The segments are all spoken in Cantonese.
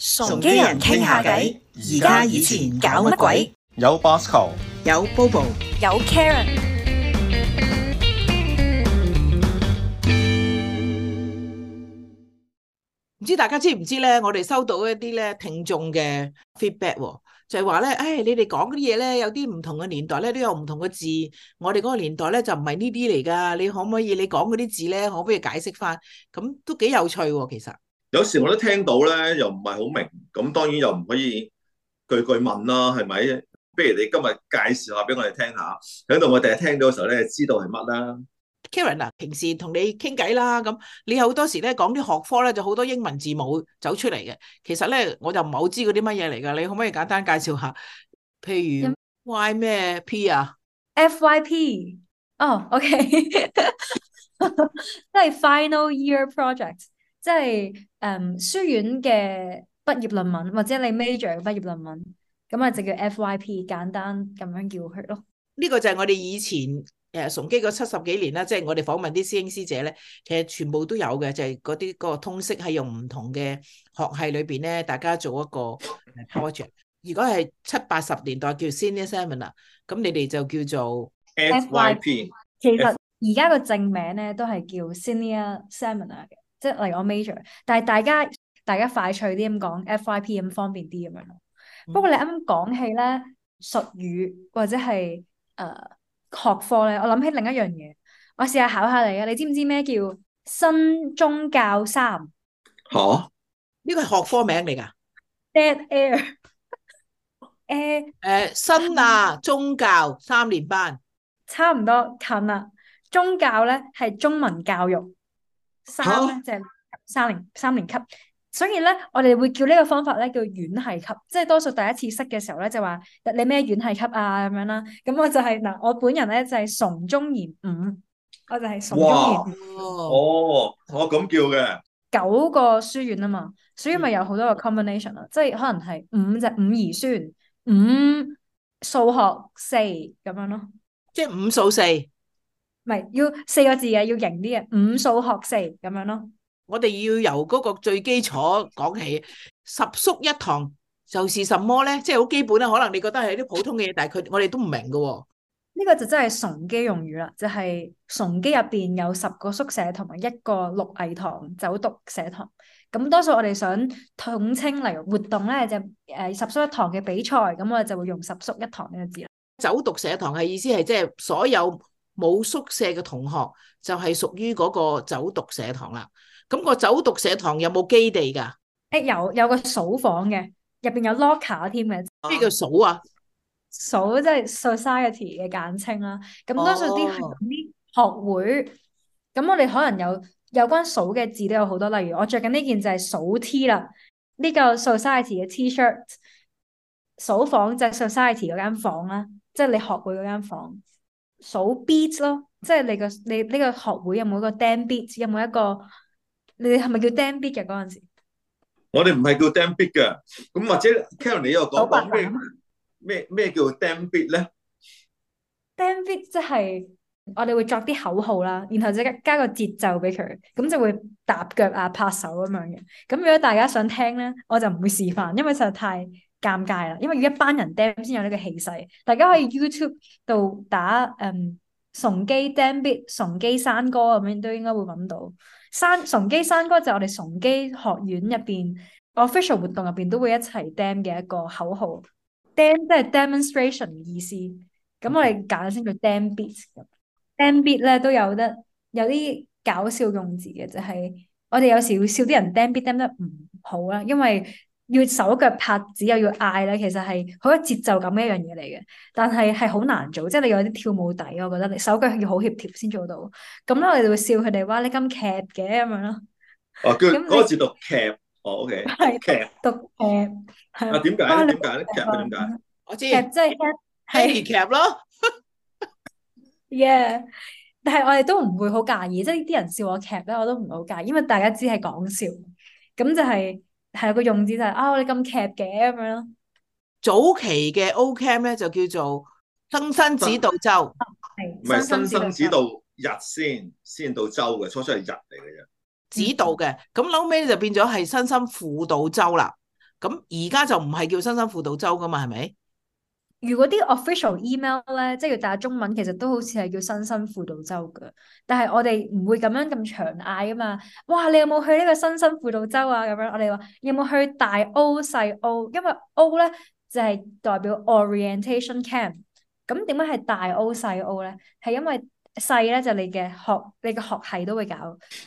崇基人傾下偈，而家以前搞乜鬼？有 Bosco，有 Bobo，有 Karen。唔知大家知唔知咧？我哋收到一啲咧聽眾嘅 feedback，就係話咧，誒、哎，你哋講啲嘢咧，有啲唔同嘅年代咧，都有唔同嘅字。我哋嗰個年代咧就唔係呢啲嚟噶。你可唔可以你講嗰啲字咧，可唔可以解釋翻？咁都幾有趣喎，其實。有時我都聽到咧，又唔係好明，咁當然又唔可以句句問啦，係咪？不如你今日介紹下俾我哋聽下，喺度我第日聽到嘅時候咧，知道係乜啦。Karen 啊，平時同你傾偈啦，咁你好多時咧講啲學科咧，就好多英文字母走出嚟嘅。其實咧，我就唔係好知嗰啲乜嘢嚟㗎。你可唔可以簡單介紹下？譬如 Y 咩 P 啊？FYP。哦、oh，OK，即 係 final year projects。即係誒、嗯，書院嘅畢業論文或者你 major 嘅畢業論文，咁啊就叫 FYP，簡單咁樣叫佢咯。呢個就係我哋以前誒，崇、呃、基嗰七十幾年啦，即係我哋訪問啲師兄師姐咧，其實全部都有嘅，就係嗰啲個通識係用唔同嘅學系裏邊咧，大家做一個 project。如果係七八十年代叫 senior seminar，咁你哋就叫做 FYP。其實而家個正名咧都係叫 senior seminar 嘅。即係嚟我 major，但係大家大家快脆啲咁講 FYP 咁方便啲咁樣咯。不過你啱啱講起咧術語或者係誒、呃、學科咧，我諗起另一樣嘢，我試下考下你啊！你知唔知咩叫新宗教三、哦？嚇！呢個係學科名嚟㗎。Dead air、 欸。誒誒，新亞、嗯、宗教三年班。差唔多近啦。宗教咧係中文教育。三即係三零三年級，所以咧我哋會叫呢個方法咧叫院系級，即係多數第一次識嘅時候咧就話你咩院系級啊咁樣啦，咁我就係、是、嗱我本人咧就係、是、崇中研五，我就係崇中研五，哦我咁叫嘅，九個書院啊嘛，所以咪有好多個 combination 啦、嗯，即係可能係五就是、伍宜孫，五數學四咁樣咯，即係五數四。唔係要四個字嘅，要型啲嘅。五數學四咁樣咯。我哋要由嗰個最基礎講起。十宿一堂就是什麼咧？即係好基本啦。可能你覺得係啲普通嘅嘢， 但係佢我哋都唔明嘅、哦。呢個就真係崇基用語啦。就係、是、崇基入邊有十個宿舍同埋一個六藝堂，走讀舍堂。咁多數我哋想統稱，例如活動咧就誒、是、十宿一堂嘅比賽，咁我哋就會用十宿一堂呢個字啦。走讀舍堂嘅意思係即係所有，冇宿舍嘅同學就係屬於嗰個走讀社堂啦。咁個走讀社堂有冇基地㗎？誒、欸、有有一個數房嘅，入邊有 locker 添嘅。咩、啊、叫數啊？數即係 society 嘅簡稱啦。咁多數啲係講啲學會。咁、哦、我哋可能有有關數嘅字都有好多，例如我着緊呢件就係數 T 啦，呢、呢個 society 嘅 T-shirt。Shirt，數房就係 society 嗰間房啦，即、就、係、是、你學會嗰間房。數 beat 咯，即係你個你呢個學會有冇一個 damn beat，有冇一個？你係咪叫 damn beat 嘅嗰陣時？我哋唔係叫 damn beat 嘅，咁或者 Karen 你呢個講講咩咩咩叫 damn beat 咧？damn beat 即係我哋會作啲口號啦，然後再加個節奏俾佢，咁就會踏腳啊拍手咁樣嘅。咁如果大家想聽咧，我就唔會示範，因為實在太～尷尬啦，因為要一班人 dem 先有呢個氣勢。大家可以 YouTube 度打誒崇、嗯、基 dem bit 崇基山歌咁樣都應該會揾到山崇基山歌就我哋崇基學院入邊 official 活動入邊都會一齊 dem 嘅一個口號。dem 即係、嗯、demonstration 意思。咁我哋揀先叫 dem bit 咁 dem bit 咧都有得有啲搞笑用字嘅，就係、是、我哋有時會笑啲人 dem bit dem 得唔好啦，因為。要手腳拍子又要嗌咧，其實係好有節奏感嘅一樣嘢嚟嘅。但係係好難做，即係你有啲跳舞底，我覺得你手腳要好協調先做到。咁咧，我哋就會笑佢哋話你咁劇嘅咁樣咯。哦，嗰個字讀劇，哦，OK，係劇，讀劇。啊，點解？點解？劇係點解？我知，即係喜劇咯。Yeah，但係我哋都唔會好介意，即係啲人笑我劇咧，我都唔好介意，因為大家只係講笑。咁就係。係有個用字就係啊，你咁劇嘅咁樣。早期嘅 O Camp 咧，就叫做新生指導周，唔係新生指導日先，先到周嘅，初初係日嚟嘅啫。嗯、指導嘅，咁後尾就變咗係新生輔導周啦。咁而家就唔係叫新生輔導周噶嘛，係咪？如果啲 official email 咧，即係要打中文，其實都好似係叫新生輔導周噶。但係我哋唔會咁樣咁長嗌啊嘛。哇！你有冇去呢個新生輔導周啊？咁樣我哋話你有冇去大 O 細 O？因為 O 咧就係代表 orientation camp。咁點解係大 O 細 O 咧？係因為細咧就是你嘅學你嘅學系都會搞。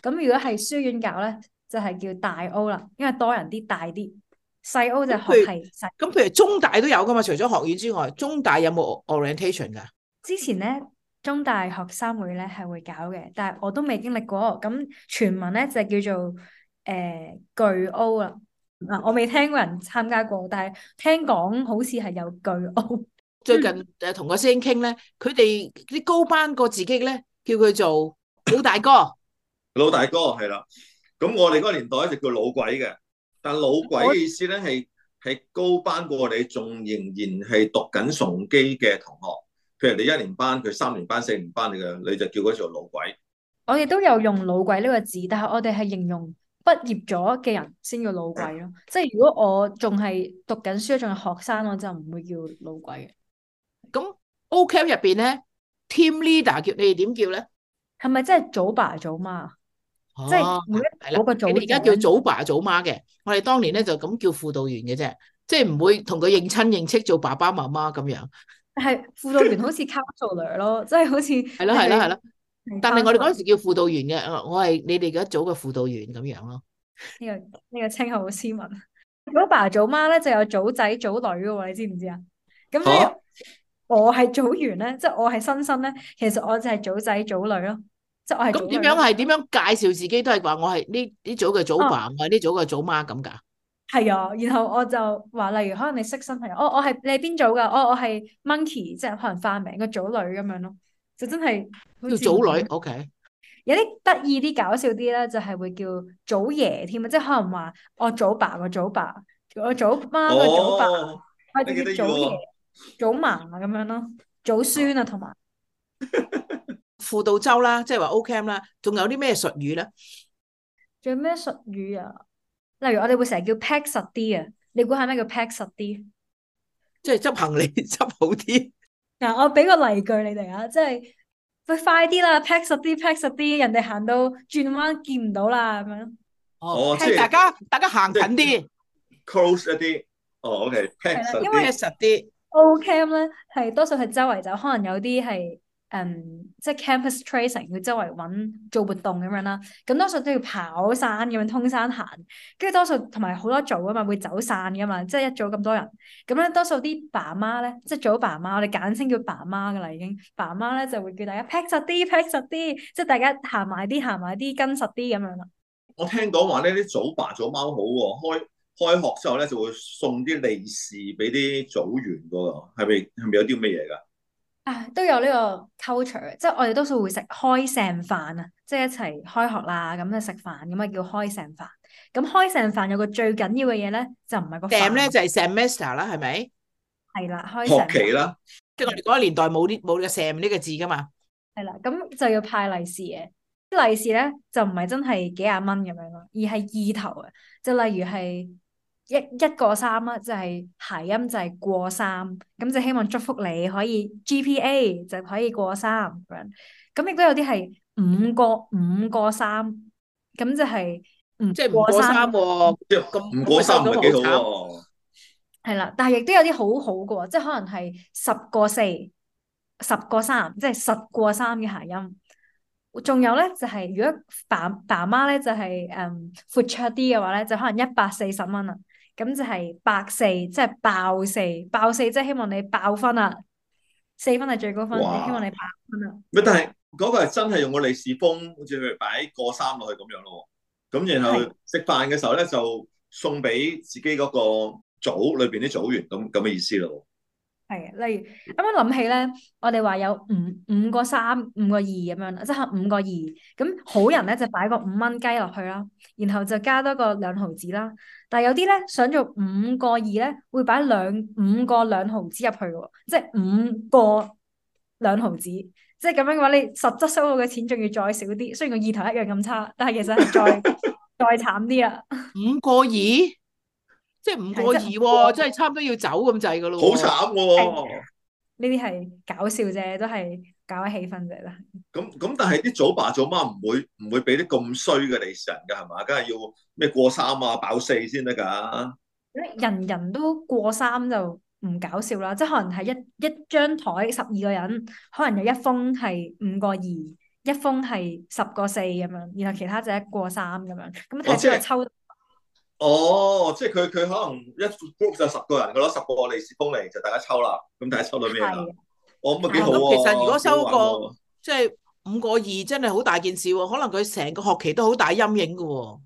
咁如果係書院搞咧，就係叫大 O 啦，因為多人啲大啲。細歐就學系實。咁譬，譬如中大都有噶嘛？除咗學院之外，中大有冇 orientation 噶？之前咧，中大學生會咧係會搞嘅，但係我都未經歷過。咁傳聞咧就叫做誒、呃、巨歐啦。嗱，我未聽過人參加過，但係聽講好似係有巨歐。最近誒同個師兄傾咧，佢哋啲高班個自己咧叫佢做老大哥。老大哥係啦，咁我哋嗰個年代一直叫老鬼嘅。但老鬼嘅意思咧，係係高班過你，仲仍然係讀緊崇基嘅同學，譬如你一年班，佢三年班、四年班嚟嘅，你就叫佢做老鬼。我哋都有用老鬼呢個字，但係我哋係形容畢業咗嘅人先叫老鬼咯。是即係如果我仲係讀緊書，仲係學生，我就唔會叫老鬼嘅。咁 O camp 入邊咧，team leader 你們怎麼叫你哋點叫咧？係咪即係組爸組媽、組媽？即係、哦、每一個組，而家、哦、叫祖爸祖媽嘅，我哋當年咧就咁叫輔導員嘅啫，即係唔會同佢認親認戚做爸爸媽媽咁樣。係輔導員好似 counselor 咯，即係 好似係咯係咯係咯，但係我哋嗰陣時叫輔導員嘅， 我係你哋嘅一組嘅輔導員咁樣咯。呢、這個呢、這個稱號好斯文。祖爸祖媽咧就有祖仔祖女噶喎，你知唔知啊？咁、哦、我係祖員咧，即、就、係、是、我係新生咧，其實我就係祖仔祖女咯。咁，點樣係點樣介紹自己，都係話我係呢呢組嘅祖爸，唔係呢組嘅祖媽咁㗎？係啊，然後我就話，例如可能你識新朋友，我，我係你係邊組㗎？我、哦、我係 monkey，即係可能化名，個祖女咁樣咯，就真係叫祖女。O、okay、K。有啲得意啲搞笑啲咧，就係、是、會叫祖爺添啊，即係可能話我祖爸個祖爸，我祖媽個祖爸，祖祖爸、哦、我就叫祖爺、祖嫲，啊咁樣咯，祖孫啊同埋。哦有 輔導周啦，即係話 Ocamp 啦，仲有啲咩術語咧？仲有咩術語啊？例如我哋會成日叫 pack 實啲啊！你估下咩叫 pack 實啲？即係執行李執好啲。嗱、啊，我俾個例句你哋啊，即係喂，快啲啦，pack 實啲，pack 實啲，人哋行到轉彎都見唔到啦咁樣。哦，即係大家大家行近啲，close 一啲。哦，OK，pack 實啲，pack 實啲。Ocamp 咧係多數係周圍走，可能有啲係。誒，即係、um, campus tracing，佢周圍揾做活動咁樣啦，咁多數都要跑山咁樣通山行，跟住多數同埋好多組啊嘛，會走散噶嘛，即係一組咁多人，咁咧多數啲爸媽咧，即係早爸媽，我哋簡稱叫爸媽噶啦已經，爸媽咧就會叫大家 pack 實啲，pack 實啲，即係大家行埋啲，行埋啲，跟實啲咁樣啦。我聽講話呢啲組爸組媽好喎，哦，開開學之後咧就會送啲利是俾啲組員個喎，係咪係咪有啲咩嘢噶？啊，都有呢個 culture，即係我哋多數會食開 sem 飯啊，即係一齊開學啦，咁就食飯，咁啊叫開 sem 飯。咁開 sem 飯有個最緊要嘅嘢咧，就唔係個飯咧，就係 semester 啦，係咪？係啦，開學期啦，即係我哋嗰個年代冇啲冇個 sem 呢個字噶嘛。係啦，咁就要派利是嘅，利是咧就唔係真係幾廿蚊咁樣咯，而係意頭啊，就例如係。一一個三啊，就係諧音就係過三，咁就希望祝福你可以 GPA 就可以過三咁。咁亦都有啲係五個五個三，咁就係唔即係五個三喎，即係咁五個三唔係幾好喎？係啦，但係亦都有啲好好嘅，即係可能係十個四、十個三，即係十過三嘅諧音。仲有咧就係如果爸爸媽咧就係誒闊綽啲嘅話咧，就可能一百四十蚊啦。咁就係百四，即係爆四，爆四即係希望你爆分啦，四分係最高分，希望你爆分啦。乜？但係嗰個真係用個利是封，好似佢擺過衫落去咁樣咯。咁然後食飯嘅時候咧，就送俾自己嗰個組裏邊啲組員，咁咁嘅意思咯。係，例如啱啱諗起咧，我哋話有五五個三五個二咁樣啦，即係五個二。咁好人咧就擺個五蚊雞落去啦，然後就加多個兩毫紙啦。但係有啲咧想做五個二咧，會擺兩五個兩毫紙入去喎，即係五個兩毫紙。即係咁樣嘅話，你實質收到嘅錢仲要再少啲。雖然個意頭一樣咁差，但係其實係再 再慘啲啊。五個二。即係五個二，哦，就是，過即係差唔多要走咁滯嘅咯。好慘喎，哦！呢啲係搞笑啫，都係搞氣氛啫啦。咁咁，但係啲組爸組媽唔會唔會俾啲咁衰嘅人士人嘅係嘛？梗係要咩過三啊，爆四先得㗎。人人都過三就唔搞笑啦，即係可能係一一張台十二個人，可能有一封係五個二，一封係十個四咁樣，然後其他就一過三咁樣，咁睇下抽。哦，即係佢佢可能一 group 就十個人噶咯，攞十個利是封嚟就大家抽啦。咁大家抽到咩啦？哦的，咁啊幾好喎！其實如果收過即係五個二，真係好大件事喎，啊。可能佢成個學期都好大陰影噶喎，啊。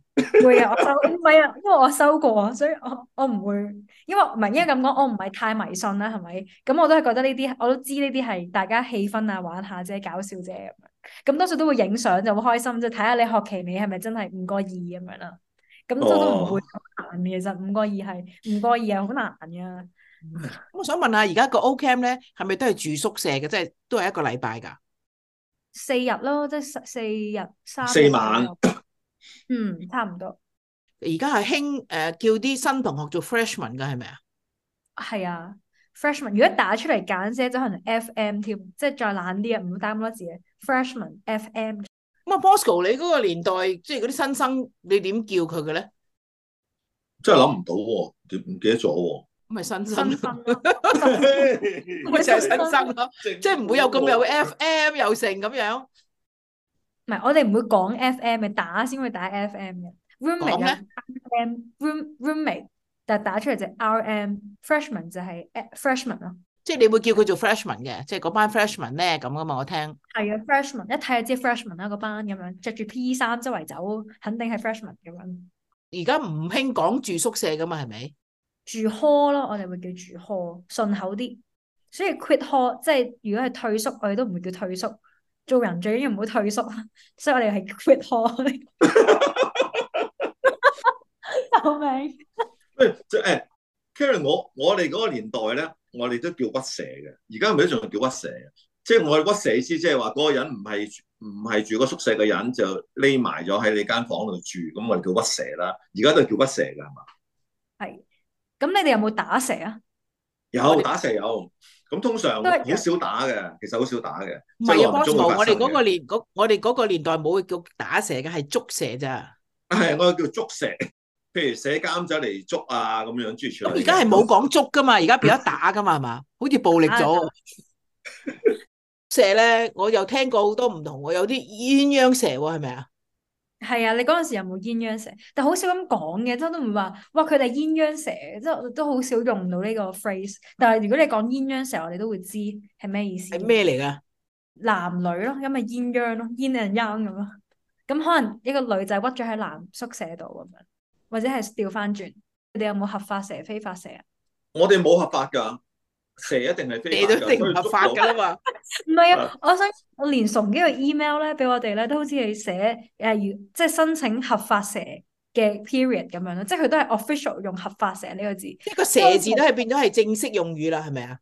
會啊，我收唔係啊，因為我收過，所以我我唔會，因為唔係應該咁講，我唔係太迷信啦，係咪？咁我都係覺得呢啲，我都知呢啲係大家氣氛啊，玩下啫，搞笑啫。咁多數都會影相就好開心即啫，睇下你學期你係咪真係五個二咁樣啦。咁都都唔會難嘅，其實五個二係五個二係好難嘅。咁我想問下，而家個 O Camp 咧，係咪都係住宿舍嘅？即係都係一個禮拜㗎？四日咯，即係四日三。四晚。嗯，差唔多。而家係興誒叫啲新同學做 freshman 㗎係咪啊？係啊，freshman。如果打出嚟簡寫就可能 FM 添，即係再懶啲啊，唔好打咁多字啊，freshman FM。Oh, Bosco，你嗰個年代即係嗰啲新生，你點叫佢嘅咧？真係諗唔到喎，啊，點唔，哦，記得咗喎，啊？咁係新生，啊，咁咪就係新生咯，啊，即係唔會有咁有 FM 又成咁樣。唔係，我哋唔會講 FM 嘅，打先會打 FM 嘅 roommate，R M room roommate，但係打出嚟就 R M freshman 就係 freshman 咯。即係你會叫佢做 freshman 嘅，即係嗰班 freshman 咧咁噶嘛？我聽係啊，freshman 一睇就知 freshman 啦，嗰班咁樣着住 P 衫周圍走，肯定係 freshman 咁樣。而家唔興講住宿舍噶嘛，係咪住 hall 咯？我哋會叫住 hall 順口啲，所以 quit hall 即係如果係退宿，我哋都唔會叫退宿。做人最緊要唔好退縮啊！所以我哋係 quit hall。救命！喂，即係 Karen，我我哋嗰個年代咧。我哋都叫屈蛇嘅，而家咪都仲叫屈蛇，即係我哋屈蛇意思，即係話嗰個人唔係唔係住個宿舍嘅人就匿埋咗喺你間房度住，咁我哋叫屈蛇啦。而家都係叫屈蛇噶，係嘛？係，咁你哋有冇打蛇啊？有打蛇有。咁通常好少打嘅，其實好少打嘅。唔係啊，bosco，我哋嗰個年，嗰，我哋嗰個年代冇會叫打蛇嘅，係捉蛇咋。係我叫捉蛇。譬如舍監走嚟捉啊，咁樣諸如而家係冇講捉㗎嘛，而家變咗打㗎嘛，係嘛？好似暴力咗蛇咧，我又聽過好多唔同喎。有啲鴛鴦蛇喎，係咪啊？係啊！你嗰陣時有冇鴛鴦蛇？但好少咁講嘅，都都唔話。哇！佢哋鴛鴦蛇，即係都好少用到呢個 phrase。但係如果你講鴛鴦蛇，我哋都會知係咩意思。係咩嚟㗎？男女咯，咁咪鴛鴦咯，鴛鴦鴦咁咯。咁可能一個女仔屈咗喺男宿舍度咁樣。或者係調翻轉，你哋有冇合法蛇、非法蛇啊？我哋冇合法噶，蛇一定係非法噶，唔合法㗎嘛。唔係 啊， 我想連崇基我連送呢個 email 咧俾我哋咧，都好似係寫誒，即係申請合法蛇嘅 period 咁樣咯，即係佢都係 official 用合法蛇呢個字，即係個蛇字都係變咗係正式用語啦，係咪是啊？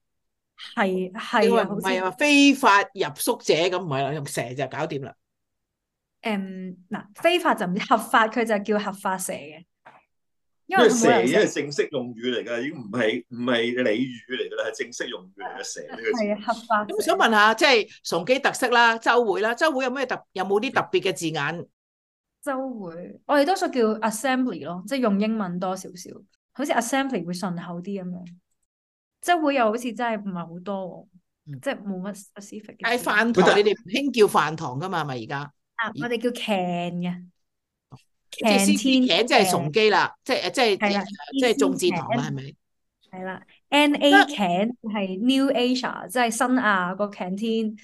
係係係啊？啊像非法入宿者咁唔係啦，用蛇就搞掂啦。誒，嗱，非法就唔合法，佢就叫合法蛇嘅。因為蛇依係正式用語嚟㗎，已經唔係唔係俚語嚟㗎啦，係正式用語嚟嘅蛇呢個字。係合法。咁我想問下，即係崇基特色啦，週會啦，週會有咩特？有冇啲特別嘅字眼？週會我哋多數叫 Assembly 咯，即係用英文多少少，好似 Assembly 會順口啲咁樣。週會又好似真係唔係好多，即係冇乜 specific。喺飯堂，你哋唔興叫飯堂㗎嘛？係咪而家？啊，我哋叫 Can 嘅。茄天 Can 茄即係崇基啦，是的即係即係即係眾志堂啦，係咪的？係啦，N A 茄係 New Asia，即係新亞個 canteen。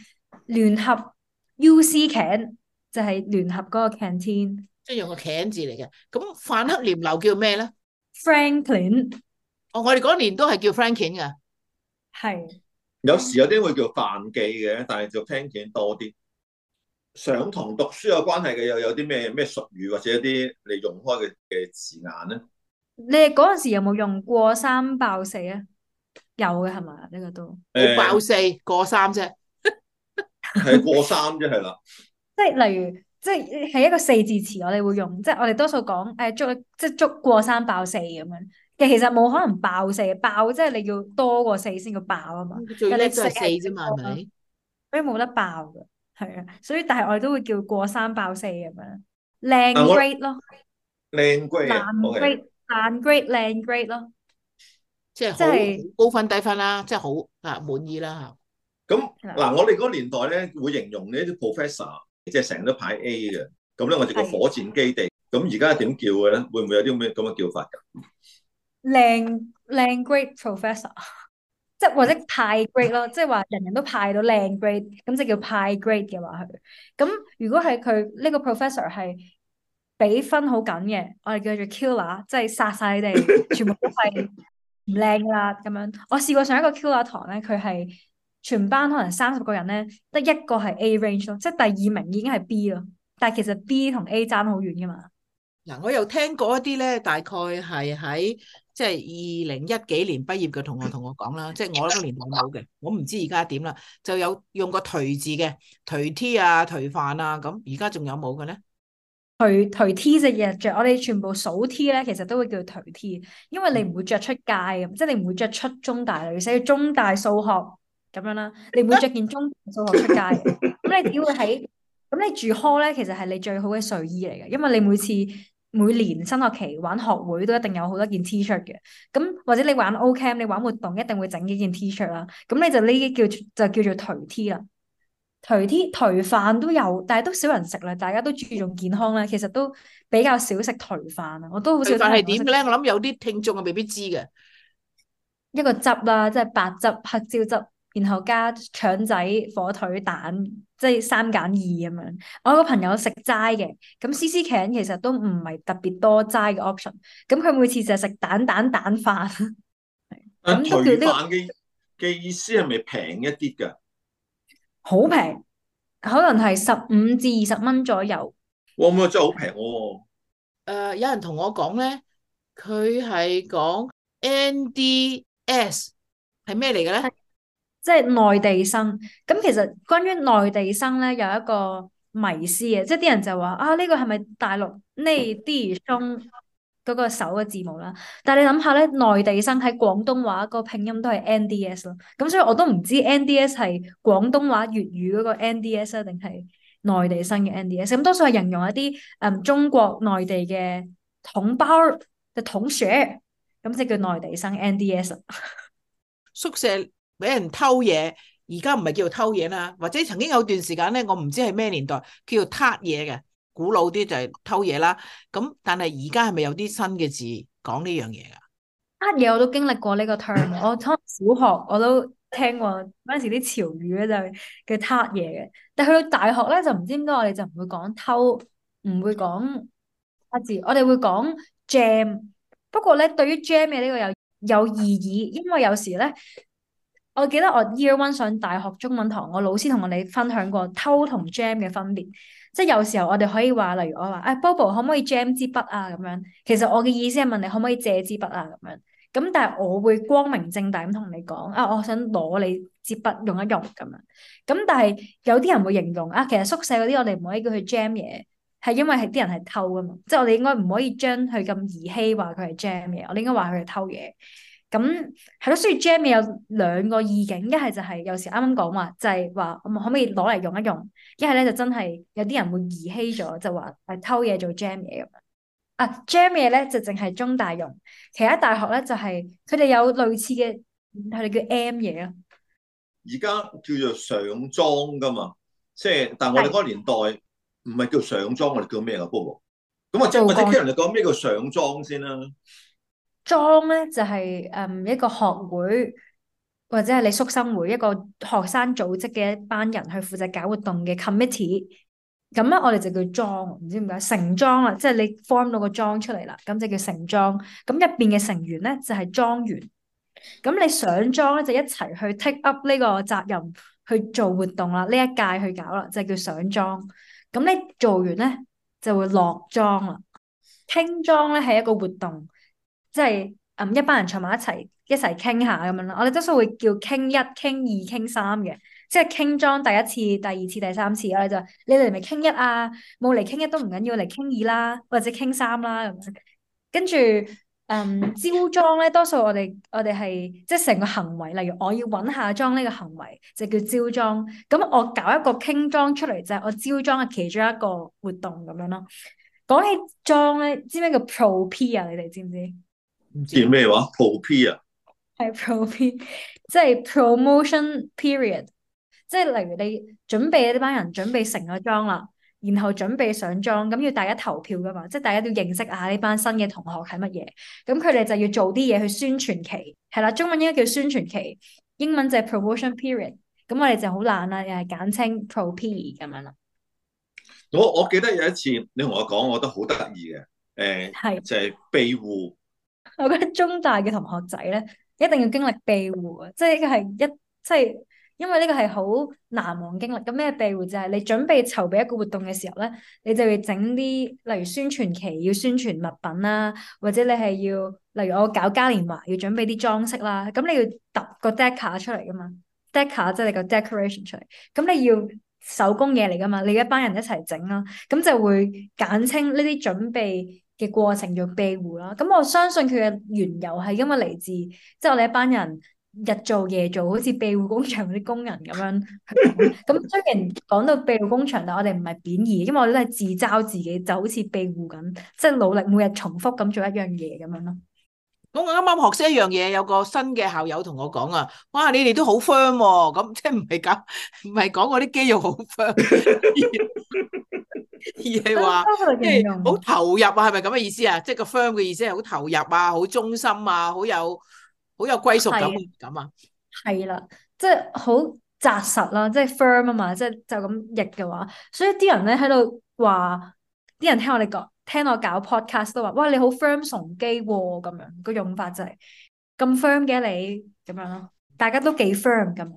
聯合 U C a n 茄就係聯合嗰 can 個 canteen。即係用個茄字嚟嘅，咁泛克廉樓叫咩咧？Franklin。哦，我哋嗰年都係叫 Franklin 嘅。係的。有時有啲會叫泛記嘅，但係就 Franklin 多啲。想同讀書有關係嘅又有啲咩咩術語或者一啲你用開嘅嘅字眼咧？呢，你哋嗰陣時有冇用過三爆四啊？有嘅係嘛？呢、這個都爆四過三啫，係 過三啫係啦。即係、 就是、例如，即係係一個四字詞，我哋會用，即、就、係、是、我哋多數講誒捉，即係捉過三爆四咁樣。其實冇可能爆四，爆即係你要多過四先叫爆啊嘛。最叻就四啫嘛，係咪？所以冇得爆嘅。係啊，所以但係我哋都會叫過三爆四咁樣，靚 grade 咯，靚 grade，爛 grade，爛 grade，靚 grade 咯，即係好高分低分啦，即係好啊滿意啦。咁嗱，我哋嗰個年代咧會形容呢啲 professor，即係成日都排 A 嘅，咁咧我哋叫火箭基地，咁而家點叫嘅咧？會唔會有啲咁嘅咁嘅叫法？靚靚 grade professor。即係或者派 grade 咯，即係話人人都派到靚 grade，咁即叫派 grade 嘅話佢。咁如果係佢呢個 professor 係俾分好緊嘅，我哋叫做 killer，即係殺晒你哋，全部都係唔靚啦咁樣。我試過上一個 killer 堂咧，佢係全班可能三十個人咧，得一個係 A range 咯，即係第二名已經係 B 咯。但係其實 B 同 A 爭好遠嘅嘛。嗱，我又聽過一啲咧，大概係喺～即係二零一幾年畢業嘅同學同我講啦，即係我嗰年冇嘅，我唔知而家點啦。就有用個頹字嘅頹 T 啊、頹飯啊，咁而家仲有冇嘅咧？頹頹 T 就日着我哋全部數 T 咧，其實都會叫頹 T，因為你唔會着出街咁，即係、嗯、你唔會着出中大，例如寫中大數學咁樣啦。你唔會着件中大數學出街，咁 你只會喺咁你住 hall 咧，其實係你最好嘅睡衣嚟嘅，因為你每次。每年新學期玩學會都一定有好多件 T-shirt 嘅，咁或者你玩 Ocamp 你玩活動一定會整幾件 T-shirt 啦，咁你就呢啲叫就叫做頹 T 啦，頹 T 頹飯都有，但係都少人食啦，大家都注重健康啦，其實都比較少食頹飯啊，我都好少。頹飯係點嘅咧？我諗有啲聽眾啊未必知嘅，一個汁啦，即係白汁黑椒汁。然後加腸仔、火腿、蛋，即係三揀二咁樣。我個朋友食齋嘅，咁 CC Can 其實都唔係特別多齋嘅 option。咁佢每次淨係食蛋、蛋、蛋飯。咁除、啊這個、飯嘅嘅意思係咪平一啲噶？好平，可能係十五至二十蚊左右。哇！咁啊，真係好平喎。誒、呃，有人同我講咧，佢係講 NDS 係咩嚟嘅咧？即係內地生，咁其實關於內地生咧，有一個迷思嘅，即係啲人就話啊，呢個係咪大陸呢啲中嗰個首嘅字母啦？但係你諗下咧，內地生喺廣東話個拼音都係 NDS 咯，咁所以我都唔知 NDS 係廣東話粵語嗰個 NDS 啊，定係內地生嘅 NDS？咁多數係形容一啲誒、嗯、中國內地嘅統包嘅、就是、統寫，咁即係叫內地生 NDS 宿舍。俾人偷嘢，而家唔係叫做偷嘢啦，或者曾經有段時間咧，我唔知係咩年代叫做撻嘢嘅，古老啲就係偷嘢啦。咁但係而家係咪有啲新嘅字講呢樣嘢啊？撻嘢我都經歷過呢個 term， 我初小學我都聽過嗰陣時啲潮語咧，就叫撻嘢嘅。但係去到大學咧，就唔知點解我哋就唔會講偷，唔會講撻字，我哋會講 jam。不過咧，對於 jam 嘅呢個有有意義，因為有時咧。我記得我 year one 上大學中文堂，我老師同我哋分享過偷同 jam 嘅分別，即係有時候我哋可以話，例如我話，誒、哎、Bobo 可唔可以 jam 支筆啊咁樣，其實我嘅意思係問你可唔可以借支筆啊咁樣，咁但係我會光明正大咁同你講，啊我想攞你支筆用一用咁樣，咁但係有啲人會形容啊，其實宿舍嗰啲我哋唔可以叫佢 jam 嘢，係因為係啲人係偷啊嘛，即係我哋應該唔可以將佢咁兒戲話佢係 jam 嘢，我哋應該話佢係偷嘢。咁係咯，所以 Jam 嘅有兩個意境，一係就係有時啱啱講話，就係話可唔可唔可以攞嚟用一用；一係咧就真係有啲人會兒戲咗，就話誒偷嘢做 Jam 嘢咁樣。啊，Jam 嘢咧就淨係中大用，其他大學咧就係佢哋有類似嘅，佢哋叫 M 嘢啊？而家叫做上莊噶嘛，即係但係我哋嗰個年代唔係叫上莊，的我哋叫咩啊，波波？咁啊，即係或者人哋講咩叫上莊先啦？莊咧就係、是、誒、嗯、一個學會或者係你宿生會一個學生組織嘅一班人去負責搞活動嘅 committee，咁咧我哋就叫莊，唔知點解成莊啦，即、就、係、是、你 form 到個莊出嚟啦，咁就叫成莊。咁入邊嘅成員咧就係、是、莊員。咁你上莊咧就一齊去 take up 呢個責任去做活動啦，呢一屆去搞啦，就叫上莊。咁你做完咧就會落莊啦。傾莊咧係一個活動。即係，嗯，一班人坐埋一齊一齊傾下咁樣咯，我哋多數會叫傾一、傾二、傾三嘅，即係傾莊第一次、第二次、第三次，我哋就你嚟咪傾一啊，冇嚟傾一都唔緊要，嚟傾二啦，或者傾三啦，咁跟住，嗯，招莊咧，多數我哋我哋係即係成個行為，例如我要搵下莊呢個行為就叫招莊。咁我搞一個傾莊出嚟就係我招莊嘅其中一個活動咁樣咯。講起莊咧，知唔知咩叫 Pro P 啊？你哋知唔知？唔知叫咩話 pro p 啊？係 pro p，即係 promotion period，即係例如你準備呢班人準備成個莊啦，然後準備上莊咁，要大家投票噶嘛？即係大家都認識下呢班新嘅同學係乜嘢咁，佢哋就要做啲嘢去宣傳期係啦。中文應該叫宣傳期，英文就係 promotion period。咁我哋就好懶啦，又係簡稱 pro p 咁樣啦。我我記得有一次你同我講，我覺得好得意嘅誒，呃，係。就係庇護。我覺得中大嘅同學仔咧，一定要經歷備活，即係一個係一，即係因為呢個係好難忘經歷。咁咩備活就係、是、你準備籌備一個活動嘅時候咧，你就要整啲，例如宣傳期要宣傳物品啦，或者你係要，例如我搞嘉年華，要準備啲裝飾啦，咁你要揼個 decor 出嚟噶嘛，decor 即係你個 decoration de 出嚟，咁你要手工嘢嚟噶嘛，你一班人一齊整啦，咁就會簡稱呢啲準備。嘅過程做庇護啦，咁我相信佢嘅緣由係因為嚟自，即係我哋一班人日做夜做好似庇護工場嗰啲工人咁樣，咁 雖然講到庇護工場，但我哋唔係貶義，因為我哋都係自嘲自己，就好似庇護緊，即係努力每日重複咁做一,一樣嘢咁樣咯。咁我啱啱學識一樣嘢，有個新嘅校友同我講啊，哇！你哋都好 firm，咁即係唔係講唔係講我啲肌肉好 firm， 而係話好投入啊，係咪咁嘅意思啊？即係個 firm 嘅意思係好投入啊，好忠心啊，好有好有歸屬感咁啊？係啦，即係好紮實啦，即係 firm 啊嘛，即係就咁、是、譯嘅話，所以啲人咧喺度話，啲人聽我哋講。聽我搞 podcast 都話，哇，你好 firm，崇基咁、哦、樣個用法就係、是、咁 firm 嘅你咁樣咯，大家都幾 firm 咁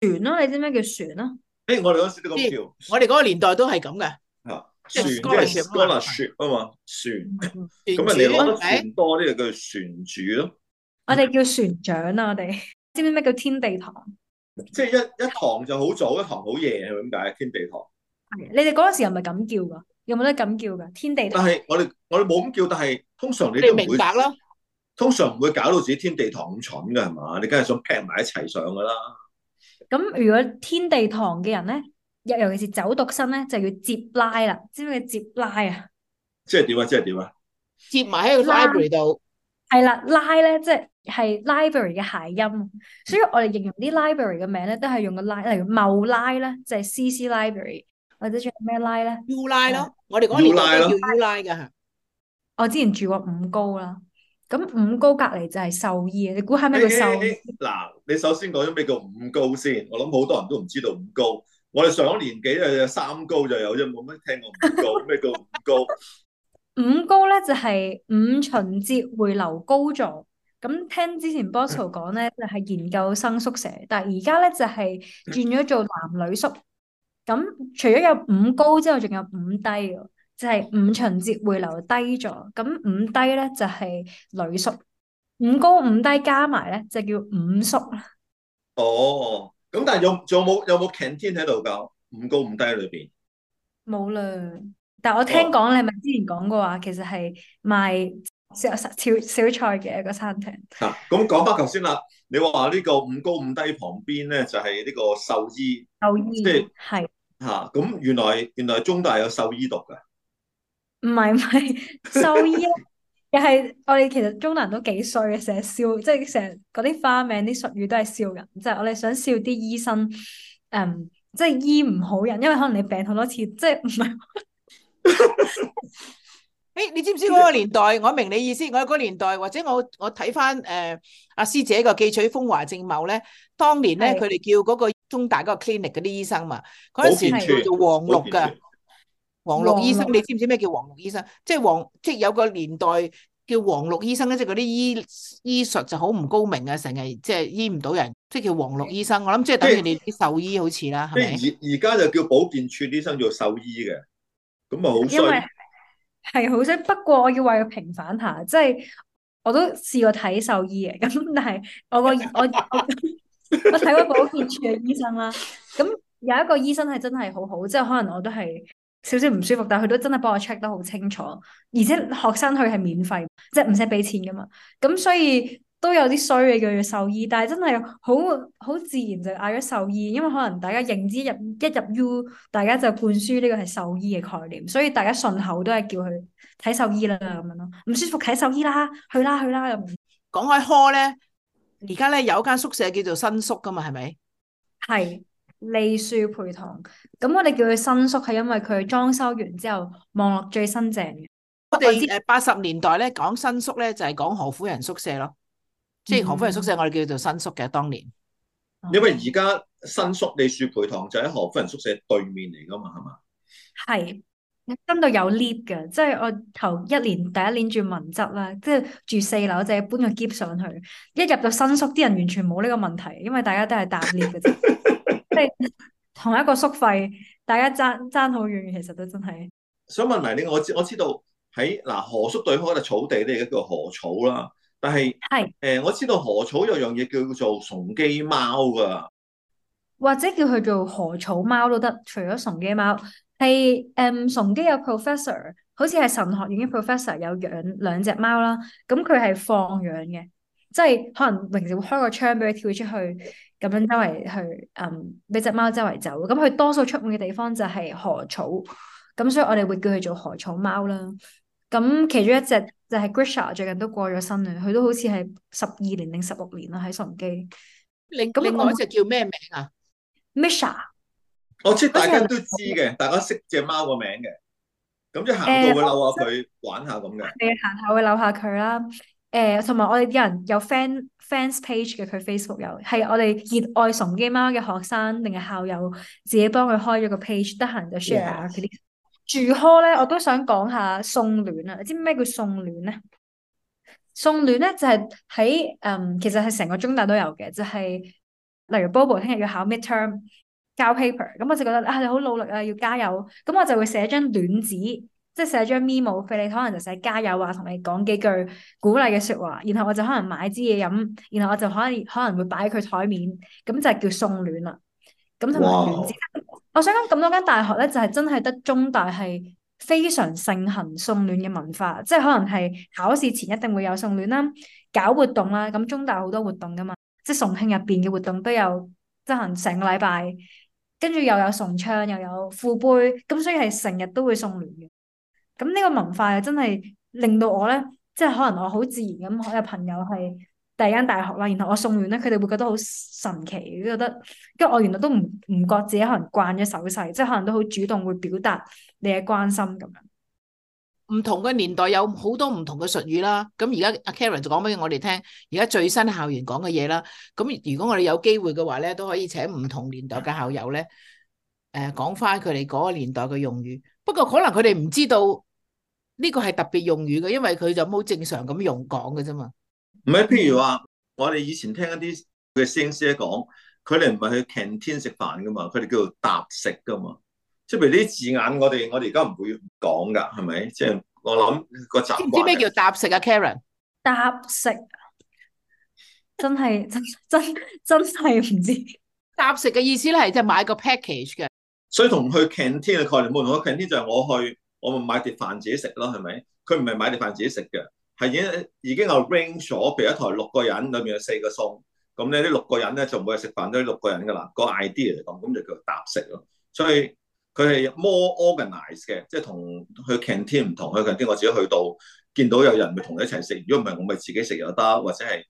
船咯、啊，你知唔知咩叫船咯、啊？誒、欸，我哋嗰時都咁叫，欸、我哋嗰個年代都係咁嘅吓。啊、船係希臘船啊嘛，船咁人哋攞得船多啲就叫船主咯。我哋叫船長啦，我哋知唔知咩叫天地堂？嗯、即係一一堂就好早，一堂好夜係點解？天地堂你哋嗰陣時係咪咁叫噶？有冇得咁叫噶？天地堂？但係我哋我哋冇咁叫，但係通常你都唔會，你明白啦，通常唔會搞到自己天地堂咁蠢噶，係嘛？你梗係想劈埋一齊上噶啦。咁如果天地堂嘅人咧，尤其是走讀生咧，就要接拉啦。知唔知佢接拉啊？即係點啊？即係點啊？接埋喺個 library 度。係啦，拉咧即係、就是、library 嘅諧音，所以我哋形容啲 library 嘅名咧，都係用個 library，例如茂拉咧就係、是、C C library，或者仲有咩拉咧？U 拉咯。我哋講年高叫烏拉噶，了我之前住過五高啦，咁五高隔籬就係獸醫啊，你估下咩叫獸醫？嗱，你首先講咗咩叫五高先？我諗好多人都唔知道五高。我哋上咗年紀咧，三高就有啫，冇乜聽過五高，咩叫五高。 五高咧就係五旬節會樓高座，咁聽之前 bosco、so、講咧就係研究生宿舍， 但係而家咧就係轉咗做男女宿。咁除咗有五高之外，仲有五低喎，就係、是、五旬節會留低咗。咁五低咧就係累宿，五高五低加埋咧就叫五宿啦。哦，咁但係有仲有冇有冇 canteen 喺度搞五高五低裏邊？冇啦，但係我聽講、哦、你係咪之前講過話，其實係賣？小小菜嘅一、那個餐廳。嗱、啊，咁講翻頭先啦，你話呢個五高五低旁邊咧，就係、是、呢個獸醫。獸醫即係吓，咁原來原來中大有獸醫讀噶？唔係唔係，獸醫又、啊、係 我哋其實中大人都幾衰嘅，成日笑，即係成日嗰啲花名啲術語都係笑人，即、就、係、是、我哋想笑啲醫生，嗯，即、就、係、是、醫唔好人，因為可能你病好多次，即係唔係。 誒，欸、你知唔知嗰個年代？我明你意思。我喺嗰個年代，或者我我睇翻誒阿師姐個寄取風華正茂咧，呢當年咧佢哋叫嗰個中大嗰個 clinic 嗰啲醫生嘛，嗰陣時係叫做黃綠噶，黃綠醫生。你知唔知咩叫黃綠醫生？即係黃，即係有個年代叫黃綠醫生咧，即係嗰啲醫醫術就好唔高明啊，成日即係醫唔到人，即係叫黃綠醫生。我諗即係等於你啲獸醫好似啦，係咪即？而家吧就叫保健處啲醫生做獸醫嘅，咁啊好衰。係好衰，不過我要為佢平反下，即係我都試過睇獸醫嘅，咁但係我個我我睇過保健處嘅醫生啦，咁有一個醫生係真係好好，即係可能我都係少少唔舒服，但係佢都真係幫我 check 得好清楚，而且學生佢係免費，即係唔使俾錢噶嘛，咁所以。都有啲衰嘅叫做獸醫，但係真係好好自然就嗌咗獸醫，因為可能大家認知入一入 U，大家就灌輸呢個係獸醫嘅概念，所以大家順口都係叫佢睇獸醫啦咁樣咯。唔舒服睇獸醫啦，去啦去啦咁。講開科咧，而家咧有一間宿舍叫做新宿噶嘛，係咪？係利樹培堂。咁我哋叫佢新宿係因為佢裝修完之後望落最新淨嘅。我哋八十年代咧講新宿咧就係講何夫人宿舍咯。即係何夫人宿舍，我哋叫做新宿嘅。當年，嗯、因為而家新宿利樹培堂就喺何夫人宿舍對面嚟噶嘛，係嘛？係跟到有 lift 嘅，即、就、係、是、我頭一年第一年住文質啦，即、就、係、是、住四樓，就係搬個喼上去。一入到新宿，啲人完全冇呢個問題，因為大家都係搭 lift 嘅啫，即係 同一個宿費，大家爭爭好遠，其實都真係。想問埋你，我知我知道喺嗱何宿對開嗰度草地咧，而家叫做何草啦。但係，係誒是、呃，我知道何草有樣嘢叫做崇基貓㗎，或者叫佢做何草貓都得。除咗崇基貓，係誒崇基有 professor，好似係神學院嘅 professor 有養兩隻貓啦。咁佢係放養嘅，即、就、係、是、可能平時會開個窗俾佢跳出去，咁樣周圍去誒俾隻貓周圍走。咁佢多數出現嘅地方就係何草，咁所以我哋會叫佢做何草貓啦。咁其中一隻。就係 Grisha 最近都過咗身啦，佢都好似係十二年定十六年啦喺崇基。你咁另外隻叫咩名啊？Misha。M isha，我知大家都知嘅，嗯、大家識隻貓個名嘅。咁一行到會扭下佢玩下咁嘅。你行下會扭下佢啦。誒，同埋我哋啲人有 fan fans page 嘅，佢 Facebook 有，係我哋熱愛崇基貓嘅學生定係校友自己幫佢開咗個 page，得閒就 share 下佢哋。Yes. 住科咧，我都想講下送暖啊！你知咩叫送暖咧？送暖咧就係喺，誒，其實係成個中大都有嘅，就係、是，例如 Bobo 聽日要考 midterm 交 paper，咁我就覺得啊，你好努力啊，要加油！咁我就會寫張暖紙，即係寫張 memo 俾你，可能就寫加油啊，同你講幾句鼓勵嘅說話，然後我就可能買支嘢飲，然後我就可能可能會擺喺佢台面，咁就係叫送暖啦。咁同埋我想講咁多間大學咧，就係、是、真係得中大係非常盛行送暖嘅文化，即、就、係、是、可能係考試前一定會有送暖啦，搞活動啦，咁中大好多活動噶嘛，即係崇慶入邊嘅活動都有執、就是、行成個禮拜，跟住又有崇唱又有副杯，咁所以係成日都會送暖嘅。咁呢個文化又真係令到我咧，即、就、係、是、可能我好自然咁，我有朋友係。第一間大學啦，然後我送完咧，佢哋會覺得好神奇，覺得，因為我原來都唔唔覺自己可能慣咗手勢，即係可能都好主動會表達你嘅關心咁樣。唔同嘅年代有好多唔同嘅術語啦，咁而家阿 Karen 就講俾我哋聽，而家最新校園講嘅嘢啦，咁如果我哋有機會嘅話咧，都可以請唔同年代嘅校友咧，誒講返佢哋嗰個年代嘅用語。不過可能佢哋唔知道呢個係特別用語嘅，因為佢就冇正常咁用講嘅啫嘛。唔係，譬如話，我哋以前聽一啲嘅師兄師姐講，佢哋唔係去 canteen 食飯噶嘛，佢哋叫做搭食噶嘛。即係譬如啲字眼，我哋我哋而家唔會講㗎，係咪？即係我諗個習慣。唔知咩叫搭食啊，Karen？搭食真係真真真係唔知。搭食嘅意思咧係即係買個 package 嘅，所以同去 canteen 嘅概念冇同。canteen 就係我去，我咪買碟飯自己食咯，係咪？佢唔係買碟飯自己食嘅。係已經已經係 arrange 咗，譬如一台六個人，裏面有四個餸，咁咧啲六個人咧就每日食飯都係六個人㗎啦。個 idea 嚟講，咁就叫搭食咯。所以佢係 more organized 嘅，即係同去 camping 唔同。去 camping 我自己去到見到有人咪同你一齊食，如果唔係我咪自己食又得，或者係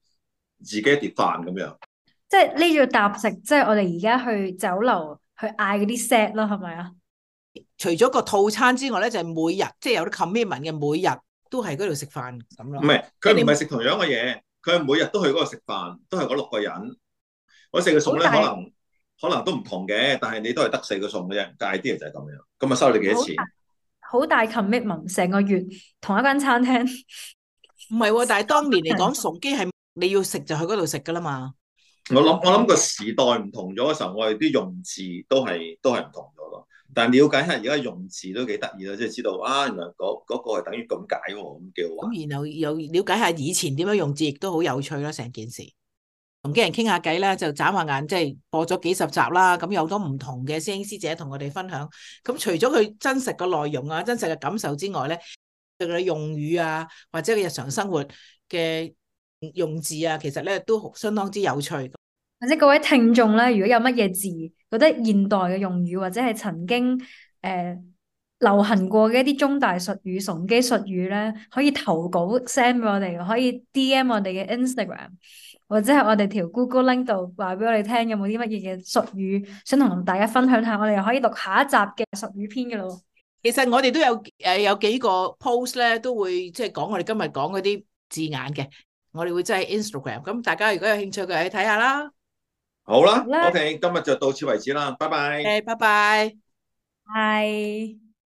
自己一碟飯咁樣。即係呢個搭食，即係我哋而家去酒樓去嗌嗰啲 set 咯，係咪啊？除咗個套餐之外咧，就係每日即係有啲 commitment 嘅每日。就是都係嗰度食飯咁咯。唔係，佢唔係食同樣嘅嘢，佢每日都去嗰度食飯，都係嗰六個人，嗰四個餸咧可能大可能都唔同嘅，但係你都係得四個餸嘅啫。大啲就係咁樣，咁啊收你幾多錢？好大 commitment，成個月同一間餐廳唔係喎，但係當年嚟講，送機係你要食就去嗰度食噶啦嘛。我諗我諗個時代唔同咗嘅時候，我哋啲用詞都係都係唔同咗咯。但了解下而家用字都幾得意咯，即係知道啊，原來嗰個係等於咁解喎，咁幾好玩。咁然後又了解下以前點樣用字，亦都好有趣啦。成件事同啲人傾下偈咧，就眨下眼，即係播咗幾十集啦。咁有咗唔同嘅師兄師姐同我哋分享。咁除咗佢真實嘅內容啊、真實嘅感受之外咧，對佢用語啊，或者佢日常生活嘅用字啊，其實咧都相當之有趣。或者各位聽眾咧，如果有乜嘢字，覺得現代嘅用語或者係曾經誒、呃、流行過嘅一啲中大術語、崇基術語咧，可以投稿 send 俾我哋，可以 D M 我哋嘅 Instagram，或者係我哋條 Google Link 度話俾我哋聽，有冇啲乜嘢嘅術語想同大家分享下？我哋又可以錄下一集嘅術語篇噶咯。其實我哋都有誒有幾個 post 咧，都會即係講我哋今日講嗰啲字眼嘅，我哋會即係 Instagram，咁大家如果有興趣嘅，去睇下啦。好啦吧，OK，今日就到此為止啦，拜拜。拜拜拜，